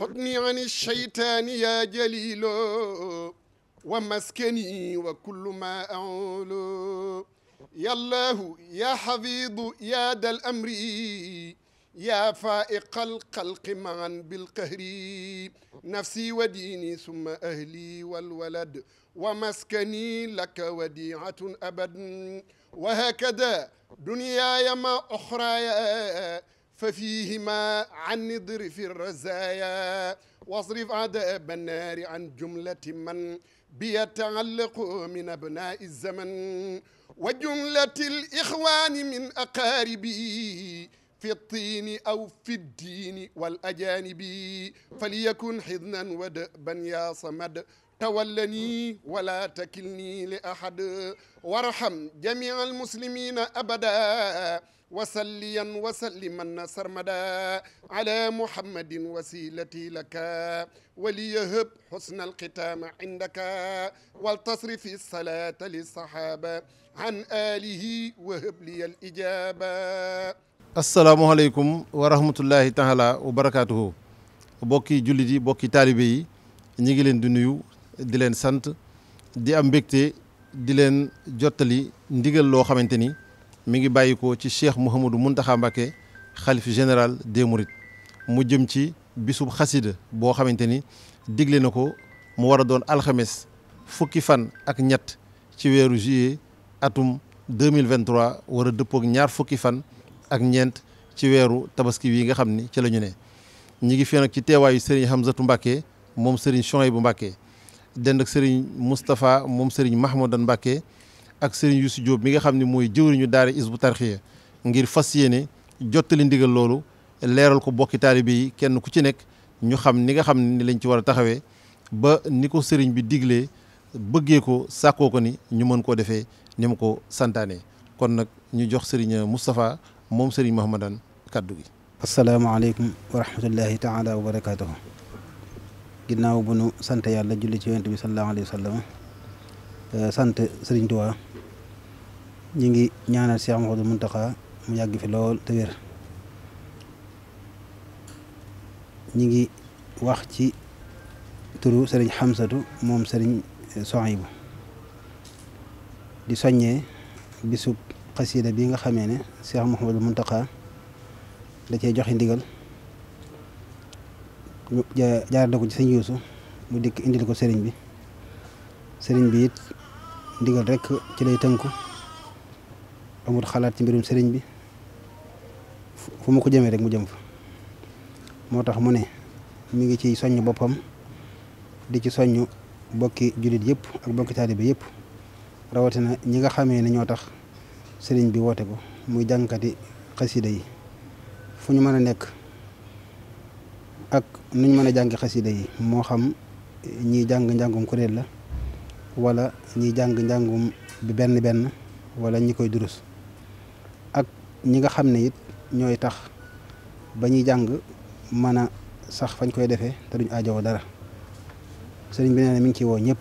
حضني عن الشيطان يا جليل ومسكني وكل ما أعول يا الله يا حفيظ يا ذا الأمر يا فائق القلق معا بالقهر نفسي وديني ثم أهلي والولد ومسكني لك وديعة أبد وهكذا دنياي ما أخرايا ففيهما عن ضرف الرزايا واصرف عذاب النار عن جملة من بيتعلق من أبناء الزمن وجملة الإخوان من أقاربي في الطين أو في الدين والأجانب فليكن حضنا ودأبا يا صمد تولني ولا تكلني لأحد وارحم جميع المسلمين أبدا وسليا وسلما سرمدا على محمد وسيلتي لك وليهب حسن الختام عندك ولتصرف الصلاة للصحابة عن آله وهب لي الإجابة السلام عليكم ورحمة الله تعالى وبركاته bokki jullit yi bokki taalibe yi ñi ngi leen di nuyu di leen sant di am mbégte di leen jottali ndigal loo xamante ni mi ngi bàyyikoo ci cheikh Mouhamadou Mountakha Mbacké xalif général des Mourides mu jëm ci bisub xasida boo xamante ni digle na ko mu war a doon alxemes fukki fan ak ñett ci weeru juillet atum 2023 war a dëppook ñaar fukki fan ak ñeent ci weeru tabaski wi nga xam ni ci la ñu ne ñi ngi fi ci teewaayu Serigne Hamzatou Mbacké moom Serigne Chouaïbou Mbacké dend ak Serigne Moustapha moom Serigne Mahmoudan Mbacké ak Serigne si Diop mi nga xam ne mooy jëwriñu daara Hizbut Tarqiyyah ngir fas yéene jottali ndigal loolu leeral ko bokki taalibe yi kenn ku ci nekk ñu xam ni nga xam ni lañ ci war a taxawee ba ni ko sëriñ bi digle bëggee ko sàkkoo ko ni ñu mën koo defee ni mu ko santaane kon nag ñu jox sëriñ Moustapha moom sëriñ Mahamadan kàddu gi asalaamaaleykum wa rahmatullahi taala wa barakaatuhu ginnaaw bu nu sant yàlla julli ci yonent bi sallallahu alayhi wa sallam Eh, sant sëriñ Touba ñu ngi ñaanal Cheikh Mouhamadou Mountakha mu yàgg fi lool te wér ñu ngi wax ci turu Serigne Hamsatu moom Serigne eh, Sohaybu di soññee bisub xasida bi nga xamee ne Cheikh Mouhamadou Mountakha da cee joxe ndigal ñu jaarale ko ci sëñ Youssou mu dikk indil ko sëriñ bi. sëriñ bi it ndigal rekk ci lay tënku amul xalaat ci mbirum sëriñ bi fu mu ko jëmee rek mu jëm fa moo tax mu ne mi ngi ciy soññ boppam di ci soññ bokki jullit yëpp ak bokki taalibe yëpp rawatina ñi nga xamee ne ñoo tax sëriñ bi woote ko muy jànkati xasida yi fu ñu mën a nekk ak nuñ mën a jàngi xasida yi moo xam ñiy jàng njàngum kuréel la wala ñi jàng njàngum bi benn benn wala ñi koy durus ak ñi nga xam ne it ñooy tax ba ñuy jàng mën a sax fañ koy defee te duñ aajowoo dara sëriñ bi nee na mi ngi ciy woo ñëpp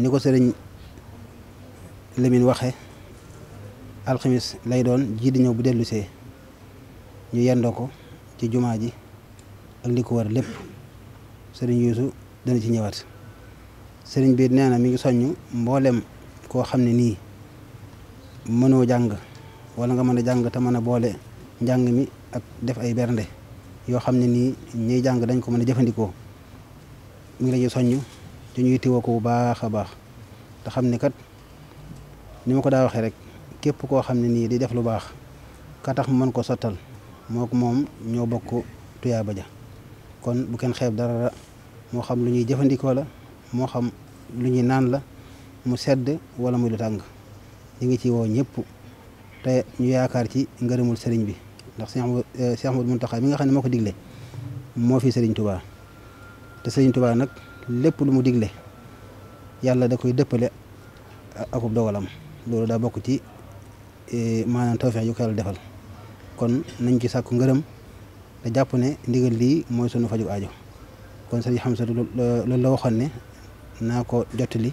ni ko sëriñ lemin waxe alxamis lay doon jii di ñëw bu dellusee ñu yendoo ko ci jumaa ji ak li ko war lépp sëriñ Yuusu dana ci ñëwaat sëriñ bi nee na mi ngi soññ mboolem koo xam ne nii mënoo jàng wala nga mën a jàng te mën a boole njàng mi ak def ay bernde yoo xam ne nii ñuy jàng dañ ko mën a jëfandikoo mi ngi la ñuy soññ ñuy tiwoo ko bu baax a baax te xam ne kat ni ma ko daa waxee rek képp koo xam ne nii di def lu baax katax tax mën ko sottal moo ko moom ñoo bokk tuyaaba ja kon bu kenn xeeb dara moo xam lu ñuy jëfandikoo la moo xam lu ñuy naan la mu sedd wala muy lu tàng ñu ngi ci woo ñëpp te ñu yaakaar ci ngërëmul sëriñ bi ndax Cheikh Ahmadou eh, Mountakha mi nga xam ne moo ko digle moo fi sëriñ Touba nag lépp lu mu digle yàlla da koy dëppale akub dogalam loolu daa bokk ci eh, maanaam tawfeex yu ko yàlla defal kon nañ ci sàkku ngërëm te jàpp ne ndigal lii mooy sunu faju aajo kon sëriñ Hamsa loolu la waxoon naa ko jottali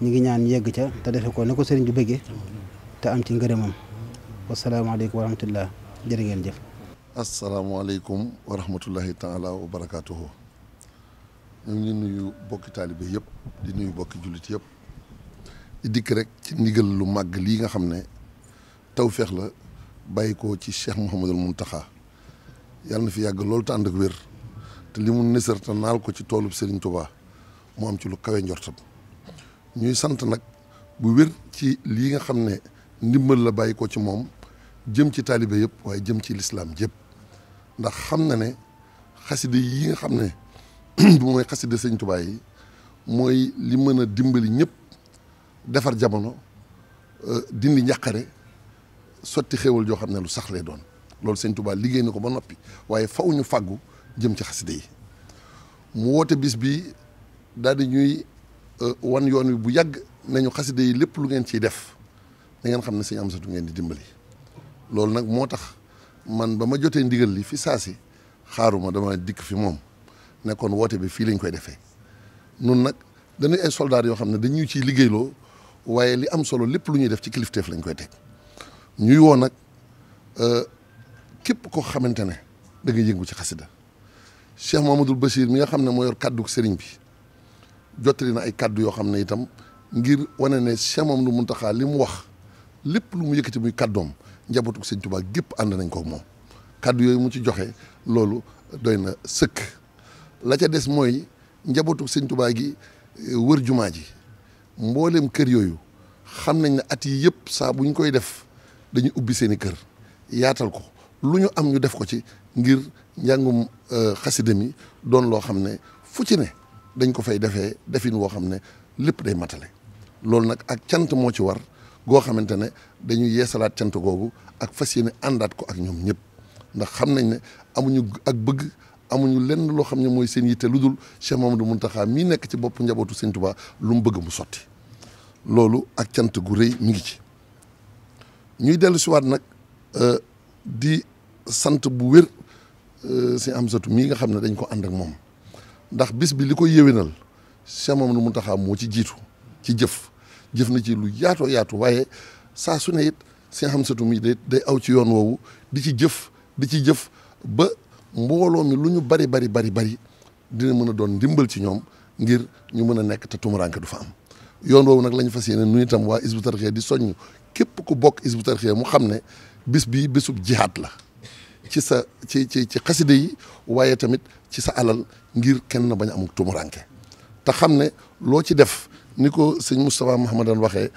ñu ngi ñaan yegg ca te defe ko na sëriñ bi bëggee te am ci ngërëmam wasalaamaaleykum wa rahmatullah jërë ngeen jëf asalaamaaleykum wa rahmatullahi taala wa barakaatuhu ñu nuyu bokki taalibe yëpp di nuyu bokki jullit yëpp di dikk rek ci ndigal lu màgg lii nga xam ne tawféex la bàyyi ko ci cheikh Mouhamadul Mountakha yàlla na fi yàgg loolu te ànd ak wér te li mu nësër te naal ko ci toolub Serigne Touba mu am ci lu kawe njortam ñuy sant nag bu wér ci lii nga xam ne ndimbal la bàyyi ko ci moom jëm ci taalibe yëpp waaye jëm ci lislaam yëpp ndax xam na ne xaside yi nga xam ne bu mooy xaside sëñ Tuubaa yi mooy li mën a dimbali ñëpp defar jamono euh, dindi njàqare sotti xéewal joo xam ne lu sax lay doon loolu sëñ Tuubaa liggéey na ko ba noppi waaye faw ñu fàggu jëm ci xaside yi mu woote bis bi daal di ñuy euh, wan yoon wi bu yàgg nañu xasida yi lépp lu ngeen ciy def da ngeen xam ne sëñ Amsatu ngeen di dimbali loolu nag moo tax man ba ma jotee ndigal li fi saa si xaaruma dama dikk fi moom nekkoon woote bi fii lañ koy defee nun nag dañuy ay soldats yoo xam ne dañuy ciy liggéeyloo waaye li am solo lépp lu ñuy def ci kilifteef lañ koy teg ñuy woo nag euh, képp koo xamante ne da nga yëngu ci xasida Cheikh Mamadou Bachir mi nga xam ne moo yor kàddu sëriñ bi jottali na ay kàddu yoo xam ne itam ngir wane ne Cheikh Mamadou Mountakha li mu wax lépp lu mu yëkkati muy kàddoom njabootu Sëñ Tuubaa gépp ànd nañ ko moom kàddu yooyu mu ci joxe loolu doy na sëkk la ca des mooy njabootu Sëñ Tuubaa gi eh, wër jumaa ji mbooleem kër yooyu xam nañ ne at yi yëpp saa bu ñu koy def dañuy ubbi seen i kër yaatal ko lu ñu am ñu def ko ci ngir njàngum eh, xasida mi doon loo xam ne fu ci ne dañ ko fay defee defin woo xam ne lépp day matale loolu nag ak cant moo ci war goo xamante ne dañuy yeesalaat cant googu ak fas yéene àndaat ko ak ñoom ñëpp ndax xam nañ ne amuñu ak bëgg amuñu lenn loo xam ne mooy seen yitte lu dul Cheikh Mamadou Mountakha mii nekk ci boppu njabootu Sëñ Tuubaa lu mu bëgg mu sotti loolu ak cant gu rëy mi ngi ci ñuy dellu siwaat nag euh, di sant bu wér euh, si Amsatu mii nga xam ne dañ ko ànd ak moom ndax bis bi li koy yéwénal Cheikh Mamadou Mountakha moo ci jiitu ci jëf jëf na ci lu yaatoo yaatu waaye saa su ne it Cheikh Hamsatou mi day day aw ci yoon woowu di ci jëf di ci jëf ba mbooloo mi lu ñu bari bari bari bari dina mën a doon ndimbal ci ñoom ngir ñu mën a nekk te tumuranke du fa am yoon woowu nag la ñu fas yeneen nu itam waa Hizbut Tarqiyyah di soññ képp ku bokk Hizbut Tarqiyyah mu xam ne bis bii bésub jihaad la ci sa ci ci ci xasida yi waaye tamit ci sa alal ngir kenn bañ a amuk te xam ne loo ci def ni ko sëñ Moustapha Mahamadan waxee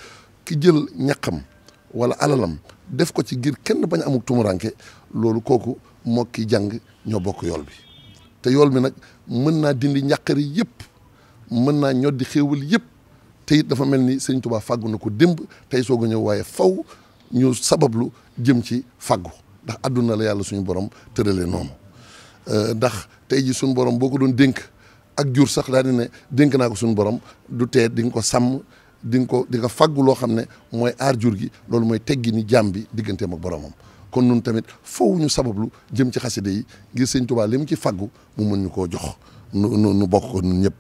ki jël ñaqam wala alalam def ko ci ngir kenn bañ a amuk loolu kooku moo ki jàng ñoo bokk yool bi te yool bi nag mën naa dindi ñàqari yëpp mën naa ñoddi xéewal yëpp te dafa mel ni sëñ tubaa fàggu na ko démb tey soog a ñëw waaye faw ñu sabablu jëm ci fàggu ndax àdduna la yàlla suñu borom tëralee noonu euh, ndax tey ji suñu borom boo ko doon dénk ak jur sax daa di ne dénk naa ko suñu borom du tee di nga ko sàmm di nga ko di nga faggu loo xam ne mooy aar jur gi loolu mooy teggi ni jaam bi digganteem ak boromam kon nun tamit foofu ñu sabablu jëm ci xaside yi ngir sëñ Tuubaa li mu ci faggu mu mën ñu koo jox nu nu bokk ko nun ñëpp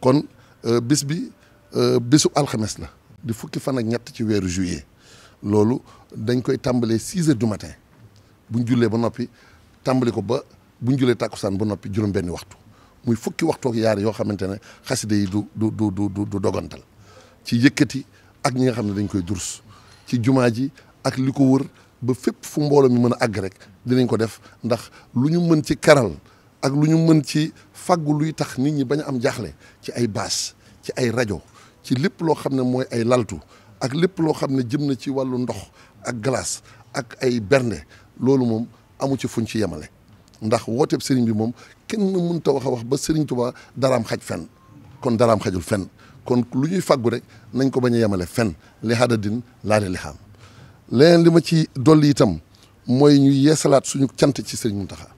kon euh, bis bi euh, bisu alxames la di fukki fan ak ñett ci weeru juillet loolu dañ koy tàmbalee six heures du matin bu ñu jullee ba noppi tàmbali ko ba bu ñu jullee tàkkusaan ba noppi juróom-benni waxtu muy fukki waxtu ak yaar yoo xamante ne xasida yi du du du du du dogantal ci yëkkati ak ñi nga xam ne dañ koy durs ci jumaa ji ak li ko wër ba fépp fu mbooloo mi mën a àgg rek dinañ ko def ndax lu ñu mën ci karal ak lu ñu mën ci fàggu luy tax nit ñi bañ a am jaaxle ci ay baas ci ay rajo ci lépp loo xam ne mooy ay laltu ak lépp loo xam ne jëm na ci wàllu ndox ak glace ak ay bernde loolu moom amu ci fuñ ci yemale ndax wooteeb sëriñ bi moom kenn mun ta wax a wax ba sëriñ Tuubaa daraam xaj fenn kon daraam xajul fen kon lu ñuy fàggu rek nañ ko bañ a yemale fenn li haada din laa li leneen li ma ci dolli itam mooy ñu yeesalaat suñu cant ci sëriñ Muntaxa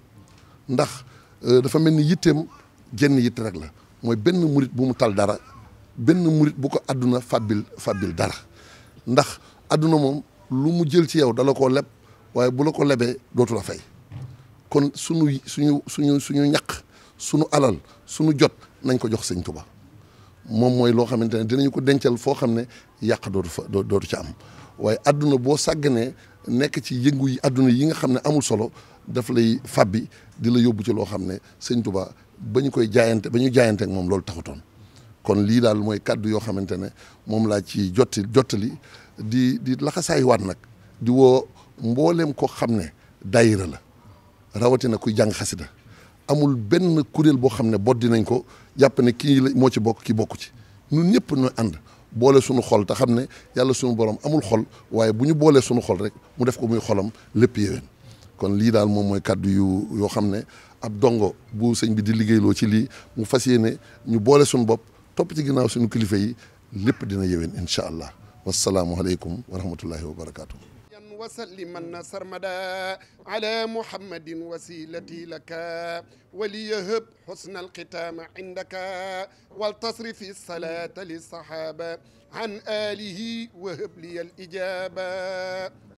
ndax euh, dafa mel ni yitteem jenn yitte rek la mooy benn murit bu mu tal dara benn murit bu ko àdduna fàbbil fàbbil dara ndax àdduna moom lu mu jël ci yow dala ko leb waaye bu la ko lebee dootu fay kon suñu suñu suñu suñu ñaq suñu alal suñu jot nañ ko jox sëñ Tuba moom mooy loo xamante ne dinañu ko dencal foo xam ne yàq dootu fa dootu ca am waaye àdduna boo sàgganee nekk ci yëngu yi àdduna yi nga xam ne amul solo daf lay fàbbi di la yóbbu ci loo xam ne sëñ Tuba ba koy jaayante ba ñu jaayante ak moom loolu taxutoon kon lii daal mooy kàddu yoo xamante ne moom laa ci jotti jottali di di laxasaay waat nag di woo mbooleem ko xam ne daayira la rawatina kuy jàng xasida amul benn kuréel boo xam ne bot dinañ ko jàpp ne kii la moo ci bokk kii bokk ci ñun ñëpp ñu ànd boole suñu xol te xam ne yàlla suñu borom amul xol waaye bu ñu boolee suñu xol rek mu def ko muy xolam lépp yéwén kon lii daal moom mooy kàddu yu yoo xam ne ab dongo bu sëñ bi di liggéeyloo ci lii mu fas yéene ñu boole suñu bopp topp ci ginnaaw suñu kilifa yi lépp dina yéwén incha allah wasalaamualeykum wa rahmatullahi wa barakaatu. وسلمن سرمدا على محمد وسيلتي لك وليهب حسن الختام عندك والتصرف الصلاة للصحابة عن آله وهب لي الإجابة